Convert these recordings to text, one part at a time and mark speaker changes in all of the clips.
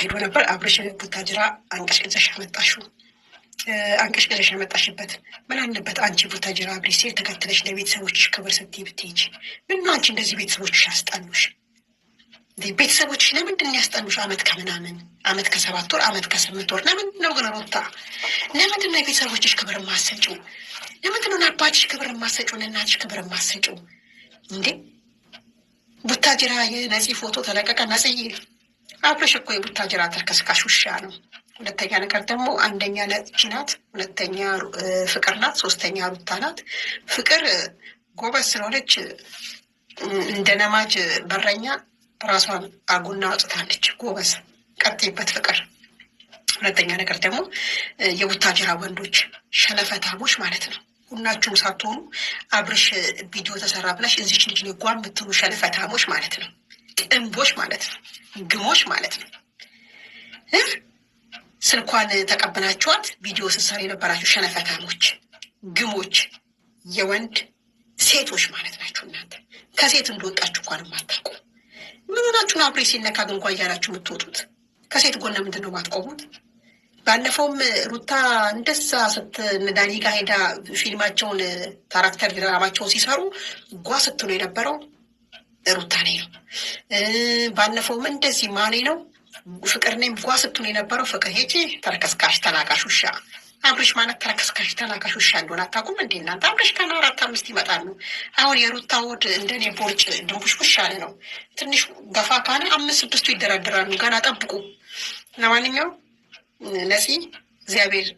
Speaker 1: ሄዶ ነበር። አብርሽን ቡታጅራ አንቀሽቅዘሽ አመጣሽው። አንቀሽቅዘሽ ያመጣሽበት ምን አለበት? አንቺ ቡታጅራ አብሪ ሴል ተከትለሽ ለቤተሰቦችሽ ክብር ስትይ ብትሄጂ ምን ነው? አንቺ እንደዚህ ቤተሰቦችሽ ያስጠሉሽ? ቤተሰቦችሽ ለምንድን ነው ያስጠሉሽ? አመት ከምናምን አመት ከሰባት ወር አመት ከስምንት ወር ለምንድን ነው ግን ሮታ፣ ለምንድን ነው የቤተሰቦችሽ ክብር ማሰጭው? ለምንድን ነው ክብር ማሰጭው? ለእናትሽ ክብር ማሰጭው? እንዴ ቡታጅራ የነፂ ፎቶ ተለቀቀ። ነፂ አብረሽ እኮ የቡታጀራ ተርከስካሽ ውሻ ነው። ሁለተኛ ነገር ደግሞ አንደኛ ለች ናት፣ ሁለተኛ ፍቅር ናት፣ ሶስተኛ ሩታ ናት። ፍቅር ጎበዝ ስለሆነች እንደ ነማጅ በረኛ ራሷን አጉና አውጥታለች። ጎበዝ ቀጤበት ፍቅር። ሁለተኛ ነገር ደግሞ የቡታጀራ ወንዶች ሸለፈታሞች ማለት ነው። ሁናችሁም ሳትሆኑ አብርሽ ቪዲዮ ተሰራ ብላሽ እዚች ልጅ ጓ የምትሉ ሸለፈታሞች ማለት ነው። ቅንቦች ማለት ነው፣ ግሞች ማለት ነው። ስልኳን ተቀብላችኋት ቪዲዮ ስትሰሩ የነበራችሁ ሸነፈታሞች፣ ግሞች፣ የወንድ ሴቶች ማለት ናችሁ። እናንተ ከሴት እንደወጣችሁ እንኳን ማታውቁ ምን ሆናችሁን? አብሬ ሲነካ ግንኳ እያላችሁ የምትወጡት ከሴት ጎን ምንድን ነው ማትቆሙት? ባለፈውም ሩታ እንደዛ ስትነዳኒ ጋር ሄዳ ፊልማቸውን ካራክተር ድራማቸውን ሲሰሩ ጓ ስትሉ የነበረው ሩታ ነው። ባለፈውም እንደዚህ ማኔ ነው ፍቅር ኔም ጓ ስትሆን የነበረው ፍቅር ሄጄ ተረከስካሽ ተናቃሽ ውሻ አብረሽ ማለት ተረከስካሽ ተናቃሽ ውሻ እንደሆነ አታውቁም እንዴ እናንተ? ከና አራት አምስት ይመጣሉ። አሁን የሩታ ወድ እንደኔ ቦርጭ ድንቡሽቡሽ አለ ነው። ትንሽ ገፋ ካለ አምስት ስድስቱ ይደራደራሉ። ገና ጠብቁ። ለማንኛውም ነፂ እግዚአብሔር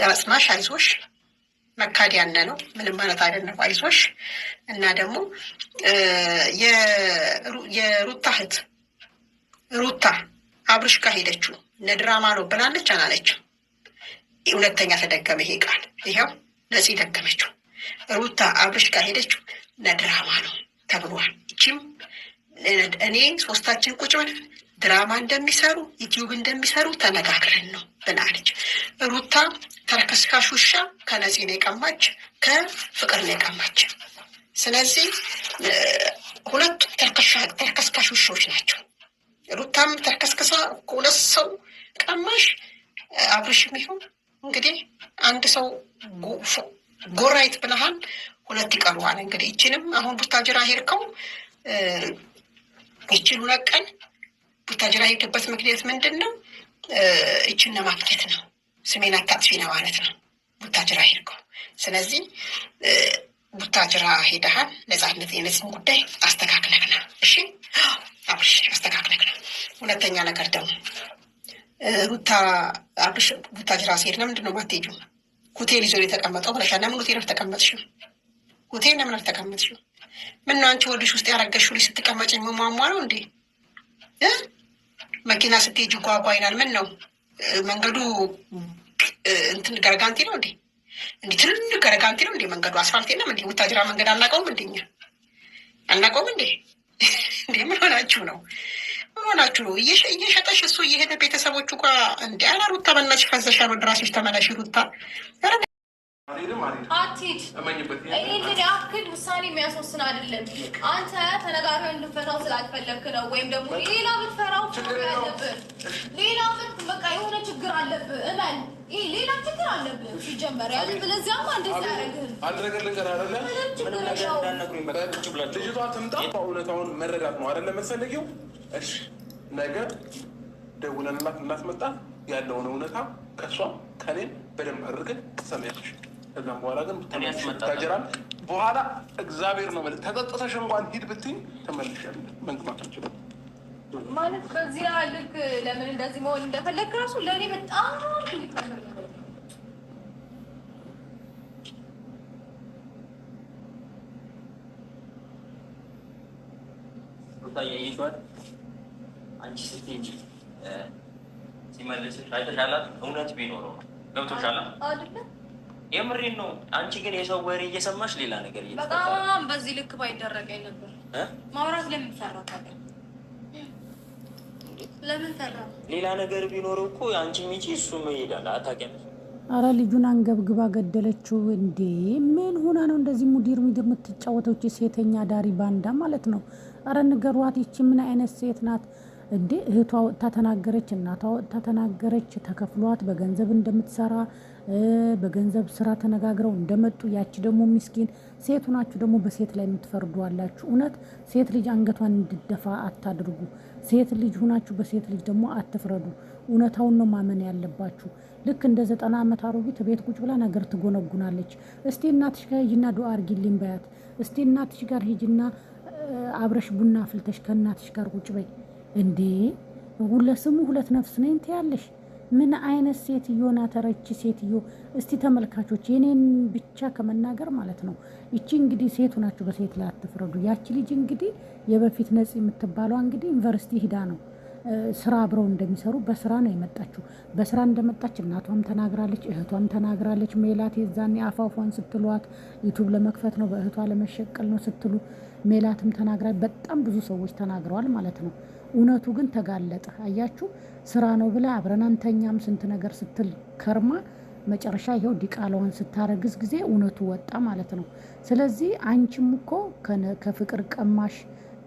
Speaker 1: ያጽናሽ፣ አይዞሽ መካድ ያነ ነው። ምንም ማለት አይደለም። አይዞሽ እና ደግሞ የሩታ እህት ሩታ አብርሽ ጋር ሄደችው እነ ድራማ ነው ብላለች አላለችም? ሁለተኛ ተደገመ ይሄ ቃል። ይኸው ነፂ ደገመችው። ሩታ አብርሽ ጋር ሄደችው እነ ድራማ ነው ተብሏል። እቺም እኔ ሶስታችን ቁጭ ብለን ድራማ እንደሚሰሩ ዩቲዩብ እንደሚሰሩ ተነጋግረን ነው ብላለች። ሩታ ተርከስካሽ ውሻ ከነፂ ነው የቀማች፣ ከፍቅር ነው የቀማች። ስለዚህ ሁለቱ ተርከስካሽ ውሾች ናቸው። ሩታም ተርከስክሳ ሁለት ሰው ቀማሽ። አብርሽም ይሁን እንግዲህ አንድ ሰው ጎራይት ብለሃል፣ ሁለት ይቀሩዋል። እንግዲህ ይችንም አሁን ቡታጅራ ሄድከው ይችን ሁለት ቀን ቡታጅራ የሄደበት ምክንያት ምንድን ነው? እችን ለማግኘት ነው። ስሜን አታጥፊ ነው ማለት ነው ቡታጅራ ሄድኩ። ስለዚህ ቡታጅራ ሄደሃል ነጻነት የነጽም ጉዳይ አስተካክለክ ነው። እሺ አብርሽ አስተካክለክ ነው። ሁለተኛ ነገር ደግሞ ሩታ አብርሽ ቡታጅራ ሲሄድ ለምንድን ነው የማትሄጂው? ሆቴል ይዞ የተቀመጠው ብለሻል። ለምን ሆቴል አልተቀመጥሽም? ሆቴል ለምን አልተቀመጥሽም? ምነው አንቺ ወድሽ ውስጥ ያረገሽው ልጅ ስትቀመጭ መሟሟ ነው እንዴ? መኪና ስትሄጂ ጓጓ ይላል። ምን ነው መንገዱ እንትን ገረጋንቲ ነው እንዴ? እንዲ ትልልቅ ገረጋንቲ ነው እንዴ? መንገዱ አስፋልት የለም እንዴ? ውታጅራ መንገድ አናውቀውም እንደኛ አናቀውም እንዴ? እንዴ ምን ሆናችሁ ነው? ምን ሆናችሁ ነው? እየሸጠሽ እሱ እየሄደ ቤተሰቦቹ ጋር እንዲ አላ ሩታ በእናትሽ ፈዘሻል። ወደ ራስሽ ተመለሽ ሩታ።
Speaker 2: አትሂድ እመኝበት ውሳኔ የሚያስወስን አይደለም። አንተ ተነጋግረን እንድፈታው ስላልፈለግክ ነው፣ ወይም ደግሞ ሌላ ብትፈራው አለብህ፣ ሌላ በቃ የሆነ ችግር አለብህ፣ እመን ሌላ ችግር ሲጀመር አይደለ? መረዳት
Speaker 3: ነው አይደለ እሺ ነገ ከኔም በደንብ አድርገን ትሰሚያለሽ። ከዛም በኋላ ግን ታጀራል በኋላ እግዚአብሔር ነው በለኝ። ተጠጥተሽ እንኳን ሂድ ብትኝ ተመልሻለሁ። መንግማት አልችልም
Speaker 2: ማለት በዚህ ልክ ለምን እንደዚህ መሆን እንደፈለግ ራሱ ለእኔ በጣም
Speaker 4: ታያይቷል አንቺ ስቲ እንጂ ሲመልስሽ አይተሻላት። እውነት ቢኖረው ገብቶሻላ አይደለም የምሬን ነው። አንቺ ግን የሰው ወሬ እየሰማሽ ሌላ ነገር
Speaker 2: በጣም በዚህ ልክ ባይደረግ ነበር። ማውራት ለምን ፈራ? ለምን ፈራ?
Speaker 4: ሌላ ነገር ቢኖር እኮ አንቺ ሚቺ እሱ ይሄዳል። አታውቂያለሽ።
Speaker 5: አረ ልጁን አንገብግባ ገደለችው እንዴ! ምን ሆና ነው እንደዚህ ሙዲር ሚድር የምትጫወተው? እቺ ሴተኛ ዳሪ ባንዳ ማለት ነው። አረ ንገሯት፣ ይቺ ምን አይነት ሴት ናት? እንዴ እህቷ ወጥታ ተናገረች፣ እናቷ ወጥታ ተናገረች። ተከፍሏት በገንዘብ እንደምትሰራ በገንዘብ ስራ ተነጋግረው እንደመጡ ያቺ ደግሞ ሚስኪን ሴት ሁናችሁ ደግሞ በሴት ላይ የምትፈርዱ አላችሁ። እውነት ሴት ልጅ አንገቷን እንድደፋ አታድርጉ። ሴት ልጅ ሁናችሁ በሴት ልጅ ደግሞ አትፍረዱ። እውነታውን ነው ማመን ያለባችሁ። ልክ እንደ ዘጠና ዓመት አሮጊት ቤት ቁጭ ብላ ነገር ትጎነጉናለች። እስቲ እናትሽ ጋር ሂጂና ዱአ በያት። እስቲ እናትሽ ጋር ሂጂና አብረሽ ቡና ፍልተሽ ከእናትሽ ጋር ቁጭ በይ። እንዴ ሁለት ስሙ ሁለት ነፍስ ነኝ ትያለሽ ምን አይነት ሴትዮ ናት? ኧረ ይቺ ሴትዮ እስቲ ተመልካቾች የኔን ብቻ ከመናገር ማለት ነው። ይቺ እንግዲህ ሴቱ ናቸው፣ በሴት ላይ አትፍረዱ። ያቺ ልጅ እንግዲህ የበፊት ነጽ የምትባለው እንግዲህ ዩኒቨርሲቲ ሂዳ ነው ስራ አብረው እንደሚሰሩ በስራ ነው የመጣችው። በስራ እንደመጣች እናቷም ተናግራለች፣ እህቷም ተናግራለች። ሜላት የዛን አፏፏን ስትሏት ዩቱብ ለመክፈት ነው በእህቷ ለመሸቀል ነው ስትሉ ሜላትም ተናግራ በጣም ብዙ ሰዎች ተናግረዋል ማለት ነው። እውነቱ ግን ተጋለጠ። አያችሁ ስራ ነው ብላ አብረን አንተኛም ስንት ነገር ስትል ከርማ መጨረሻ ይኸው ዲቃላዋን ስታረግዝ ጊዜ እውነቱ ወጣ ማለት ነው። ስለዚህ አንቺም እኮ ከፍቅር ቀማሽ፣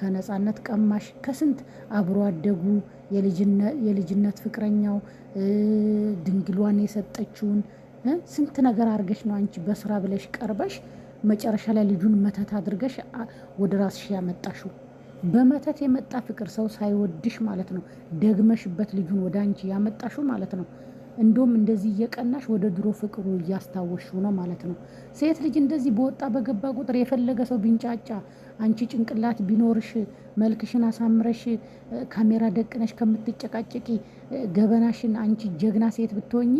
Speaker 5: ከነፃነት ቀማሽ፣ ከስንት አብሮ አደጉ የልጅነት ፍቅረኛው ድንግሏን የሰጠችውን ስንት ነገር አድርገሽ ነው አንቺ በስራ ብለሽ ቀርበሽ መጨረሻ ላይ ልጁን መተት አድርገሽ ወደ ራስሽ ያመጣሽው። በመተት የመጣ ፍቅር ሰው ሳይወድሽ ማለት ነው። ደግመሽበት ልጁን ወደ አንቺ ያመጣሽው ማለት ነው። እንዲሁም እንደዚህ እየቀናሽ ወደ ድሮ ፍቅሩ እያስታወሽው ነው ማለት ነው። ሴት ልጅ እንደዚህ በወጣ በገባ ቁጥር የፈለገ ሰው ቢንጫጫ፣ አንቺ ጭንቅላት ቢኖርሽ፣ መልክሽን አሳምረሽ ካሜራ ደቅነሽ ከምትጨቃጨቂ ገበናሽን አንቺ ጀግና ሴት ብትሆኚ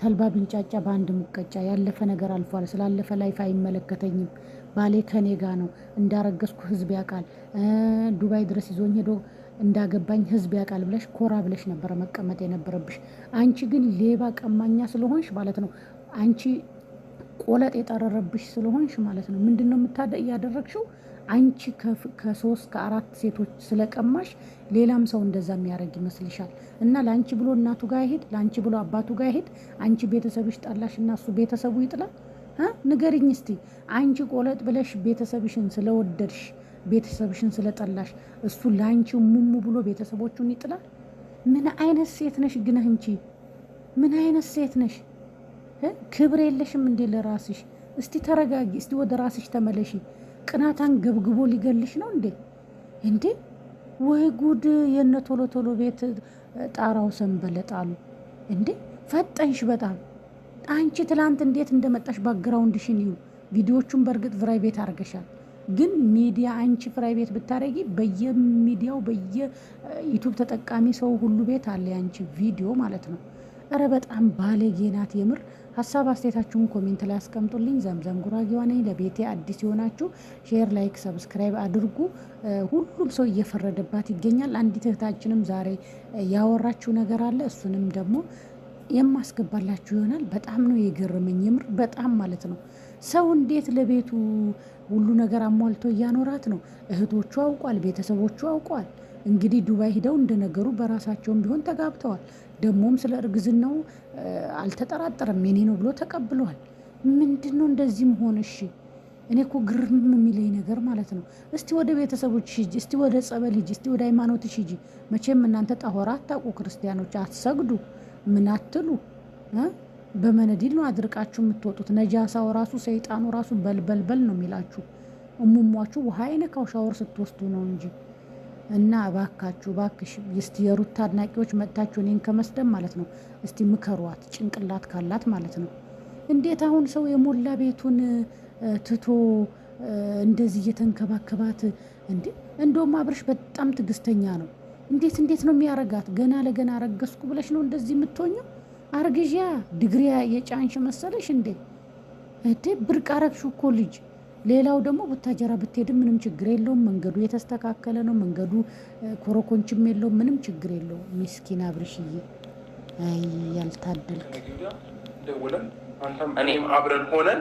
Speaker 5: ተልባ ቢንጫጫ በአንድ ሙቀጫ ያለፈ ነገር አልፏል። ስላለፈ ላይፍ አይመለከተኝም ባሌ ከኔ ጋ ነው እንዳረገዝኩ ህዝብ ያውቃል፣ ዱባይ ድረስ ይዞኝ ሄዶ እንዳገባኝ ህዝብ ያውቃል ብለሽ ኮራ ብለሽ ነበረ መቀመጥ የነበረብሽ። አንቺ ግን ሌባ ቀማኛ ስለሆንሽ ማለት ነው አንቺ ቆለጥ የጠረረብሽ ስለሆንሽ ማለት ነው። ምንድን ነው እያደረግሽው? አንቺ ከሶስት ከአራት ሴቶች ስለቀማሽ ሌላም ሰው እንደዛ የሚያደርግ ይመስልሻል። እና ለአንቺ ብሎ እናቱ ጋር ይሄድ፣ ለአንቺ ብሎ አባቱ ጋር ይሄድ። አንቺ ቤተሰብሽ ጠላሽ እና እሱ ቤተሰቡ ይጥላል። ንገርኝ እስቲ አንቺ ቆለጥ ብለሽ ቤተሰብሽን ስለወደድሽ ቤተሰብሽን ስለጠላሽ እሱ ለአንቺ ሙሙ ብሎ ቤተሰቦቹን ይጥላል? ምን አይነት ሴት ነሽ ግን አንቺ? ምን አይነት ሴት ነሽ? ክብር የለሽም እንዴ ለራስሽ? እስቲ ተረጋጊ፣ እስቲ ወደ ራስሽ ተመለሺ። ቅናታን ገብግቦ ሊገልሽ ነው እንዴ? እንዴ ወይ ጉድ! የነ ቶሎ ቶሎ ቤት ጣራው ሰንበለጣሉ እንዴ! ፈጠንሽ በጣም አንቺ ትላንት እንዴት እንደመጣሽ ባግራውንድሽን ይዩ። ቪዲዮቹን በእርግጥ ፍራይ ቤት አድርገሻል፣ ግን ሚዲያ አንቺ ፍራይ ቤት ብታደረጊ በየሚዲያው በየዩቱብ ተጠቃሚ ሰው ሁሉ ቤት አለ የአንቺ ቪዲዮ ማለት ነው። እረ በጣም ባለጌ ናት የምር። ሀሳብ አስተያየታችሁን ኮሜንት ላይ አስቀምጡልኝ። ዘምዘም ጉራጌዋ ነኝ። ለቤቴ አዲስ የሆናችሁ ሼር፣ ላይክ፣ ሰብስክራይብ አድርጉ። ሁሉም ሰው እየፈረደባት ይገኛል። አንዲት እህታችንም ዛሬ ያወራችው ነገር አለ እሱንም ደግሞ የማስገባላችሁ ይሆናል። በጣም ነው የገረመኝ የምር በጣም ማለት ነው። ሰው እንዴት ለቤቱ ሁሉ ነገር አሟልቶ እያኖራት ነው። እህቶቹ አውቋል፣ ቤተሰቦቹ አውቋል። እንግዲህ ዱባይ ሂደው እንደነገሩ በራሳቸውም ቢሆን ተጋብተዋል። ደግሞም ስለ እርግዝናው አልተጠራጠረም፣ የኔ ነው ብሎ ተቀብሏል። ምንድን ነው እንደዚህ መሆን? እሺ እኔ እኮ ግርም የሚለኝ ነገር ማለት ነው። እስቲ ወደ ቤተሰቦች ሂጂ፣ እስቲ ወደ ጸበል ሂጂ፣ እስቲ ወደ ሃይማኖትሽ ሂጂ። መቼም እናንተ ጣሆራ አታውቁ ክርስቲያኖች፣ አትሰግዱ ምን አትሉ በመነዲል ነው አድርቃችሁ የምትወጡት። ነጃሳው ራሱ ሰይጣኑ ራሱ በልበልበል ነው የሚላችሁ። እሙሟችሁ ውሃ አይነካው ሻወር ስትወስዱ ነው እንጂ እና እባካችሁ እባክሽ እስቲ የሩታ አድናቂዎች መጥታችሁ እኔን ከመስደብ ማለት ነው እስቲ ምከሯት፣ ጭንቅላት ካላት ማለት ነው። እንዴት አሁን ሰው የሞላ ቤቱን ትቶ እንደዚህ እየተንከባከባት እንዴ! እንደውም አብርሽ በጣም ትዕግስተኛ ነው። እንዴት እንዴት ነው የሚያረጋት? ገና ለገና አረገዝኩ ብለሽ ነው እንደዚህ የምትሆኙ? አርግዣ ድግሪያ የጫንሽ መሰለሽ እንዴ? እቴ ብርቅ አረግሽ እኮ ልጅ። ሌላው ደግሞ ቡታጀራ ብትሄድም ምንም ችግር የለውም። መንገዱ የተስተካከለ ነው። መንገዱ ኮረኮንችም የለውም። ምንም ችግር የለውም። ሚስኪን አብርሽዬ፣ አይ ያልታደልክ።
Speaker 3: እኔም አብረን ሆነን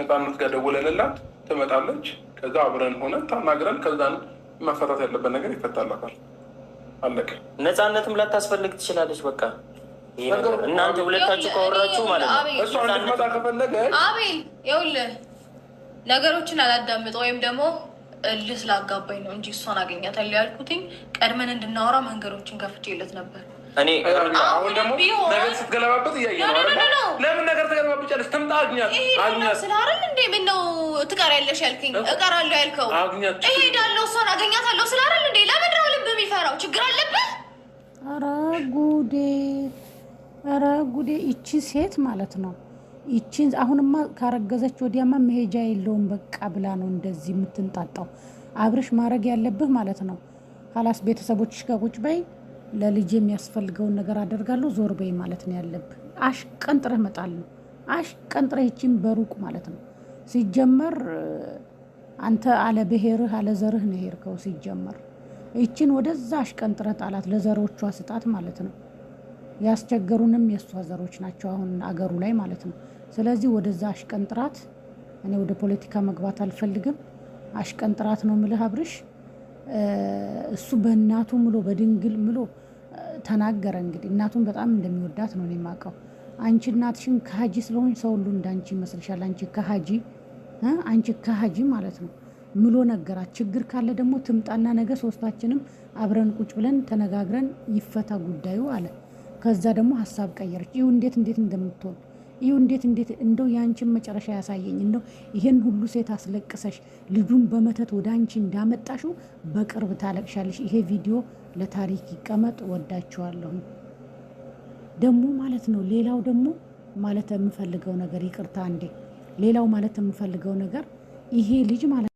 Speaker 3: ነፃነት ጋር ደውለንላት ትመጣለች። ከዛ አብረን ሆነን ታናግረን ከዛን መፈታት ያለበት ነገር ይፈታላታል። አለቀ።
Speaker 4: ነፃነትም ላታስፈልግ ትችላለች። በቃ እናንተ ሁለታችሁ ካወራችሁ ማለት ነው።
Speaker 3: እሷ እንድትመጣ ከፈለገ
Speaker 2: አቤል ይኸውልህ ነገሮችን አላዳምጠ ወይም ደግሞ እልህ ስላጋባኝ ነው እንጂ እሷን አገኛታለሁ ያልኩትኝ ቀድመን እንድናወራ መንገዶችን ከፍቼለት ነበር።
Speaker 4: እኔ
Speaker 3: አሁን ደግሞ ነገር ስትገለባበት እያየ ነው። ለምን ነገር ተገለባብጫለች? ተምጣ አግኛት
Speaker 2: አግኛት ስላረን እንዴ ምን ነው ትቀሪያለሽ ያልከኝ እቀራለሁ ያልከው አግኛት እሄዳለሁ እሷን አገኛታለሁ ስላረን
Speaker 5: ጉዴ! ኧረ ጉዴ! ይቺ ሴት ማለት ነው ይቺን አሁንማ ካረገዘች ወዲያማ መሄጃ የለውም በቃ ብላ ነው እንደዚህ የምትንጣጣው። አብርሽ ማድረግ ያለብህ ማለት ነው ሀላስ ቤተሰቦችሽ ጋር ቁጭ በይ፣ ለልጅ የሚያስፈልገውን ነገር አደርጋለሁ ዞር በይ ማለት ነው ያለብህ። አሽቀንጥረህ መጣል ነው አሽቀንጥረህ፣ ይቺን በሩቅ ማለት ነው። ሲጀመር አንተ አለ ብሔርህ አለ ዘርህ ነው ሄድከው። ሲጀመር ይቺን ወደዛ አሽቀንጥረህ ጣላት፣ ለዘሮቿ ስጣት ማለት ነው። ያስቸገሩንም የእሷ ዘሮች ናቸው አሁን አገሩ ላይ ማለት ነው። ስለዚህ ወደዛ አሽቀንጥራት። እኔ ወደ ፖለቲካ መግባት አልፈልግም። አሽቀንጥራት ነው ምልህ አብርሽ። እሱ በእናቱ ምሎ በድንግል ምሎ ተናገረ። እንግዲህ እናቱን በጣም እንደሚወዳት ነው የማውቀው። አንቺ እናትሽን ከሀጂ ስለሆንሽ ሰው ሁሉ እንዳንቺ ይመስልሻል። አንቺ ከሀጂ አንቺ ከሀጂ ማለት ነው ምሎ ነገራት። ችግር ካለ ደግሞ ትምጣና ነገ ሶስታችንም አብረን ቁጭ ብለን ተነጋግረን ይፈታ ጉዳዩ አለ። ከዛ ደግሞ ሀሳብ ቀየረች። ይሁ እንዴት እንዴት እንደምትሆን ይሁ እንዴት እንዴት እንደው የአንቺን መጨረሻ ያሳየኝ እንደው ይህን ሁሉ ሴት አስለቅሰሽ ልጁን በመተት ወደ አንቺ እንዳመጣሽው በቅርብ ታለቅሻለሽ። ይሄ ቪዲዮ ለታሪክ ይቀመጥ። ወዳችኋለሁ። ደግሞ ማለት ነው ሌላው ደግሞ ማለት የምፈልገው ነገር ይቅርታ እንዴ ሌላው ማለት የምፈልገው ነገር ይሄ ልጅ ማለት